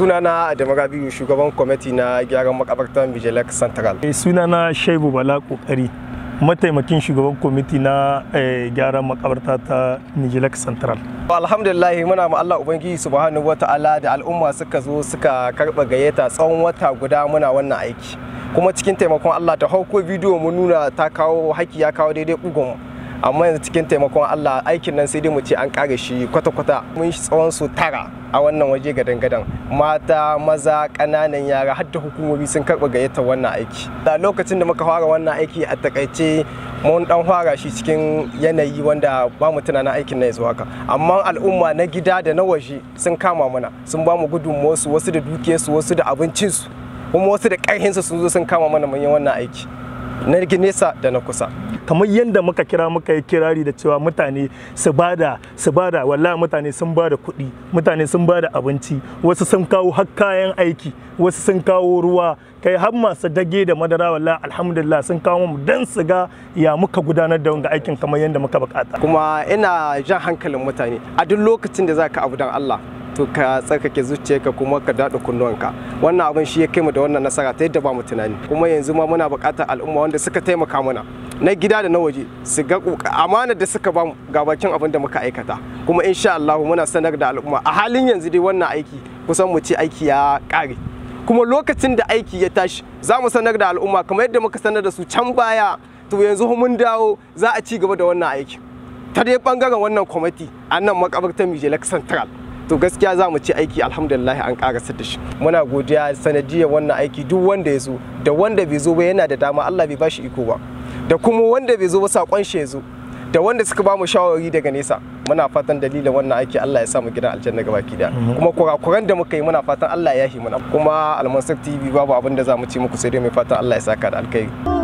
sunana Adamu Rabiu shugaban kwamiti na gyaran makabartan bijelek Central. Eh, sunana Shaibu Bala Kokari mataimakin shugaban kwamiti na eh, gyaran makabarta ta Nijelek Central. Alhamdulillah muna ma Allah Ubangiji subhanahu wata'ala da al'umma suka zo suka karɓa gayyata tsawon wata guda muna wannan aiki. Kuma cikin taimakon Allah ta hauko bidiyo mu nuna ta kawo haki ya kawo daidai bugun amma yanzu cikin taimakon Allah aikin nan sai dai mu ce an kare shi kwata-kwata mun shi tsawon su tara a wannan waje gadan-gadan mata maza ƙananan yara har da hukumomi sun karɓa gayyatar wannan aiki da lokacin da muka fara wannan aiki a takaice mun dan fara shi cikin yanayi wanda ba mu tunanin aikin na yanzu haka amma al'umma na gida da na waje sun kama mana sun ba mu gudunmuwarsu wasu da dukiyarsu wasu da abincinsu kuma wasu da ƙarhinsu sun zo sun kama mana manyan wannan aiki na nesa da na kusa kamar yadda muka kira muka yi kirari da cewa mutane su bada su bada wallahi mutane sun bada kuɗi mutane sun bada abinci wasu sun kawo har kayan aiki wasu sun kawo ruwa kai har masu dage da madara wallahi alhamdulillah sun kawo mu dan su ga ya muka gudanar da wanga aikin kamar yadda muka bukata kuma ina jan hankalin mutane a duk lokacin da zaka abu dan Allah wato ka tsarkake zuciyarka kuma ka daɗa kunnuwanka wannan abin shi ya kai mu da wannan nasara ta yadda ba mu tunani kuma yanzu ma muna buƙatar al'umma wanda suka taimaka mana na gida da na waje su ga amana da suka ba mu ga bakin abin da muka aikata kuma insha Allah muna sanar da al'umma a halin yanzu dai wannan aiki kusan mu ci aiki ya kare kuma lokacin da aiki ya tashi za mu sanar da al'umma kamar yadda muka sanar da su can baya to yanzu mun dawo za a ci gaba da wannan aiki ta dai bangaren wannan kwamiti a nan makabartar mijelak central to gaskiya za mu ci aiki alhamdulillah an karasa da shi muna godiya sanadiyar wannan aiki duk wanda ya zo da wanda bai zo ba yana da dama Allah bai bashi iko ba da kuma wanda bai zo ba sakon shi ya zo da wanda suka ba mu shawari daga nesa muna fatan dalilin wannan aiki Allah ya sa mu gidan aljanna gaba ki kuma kurakuran da muka yi muna fatan Allah ya yi muna kuma almasak tv babu abin da za mu ci muku sai dai mai fatan Allah ya saka da alkhairi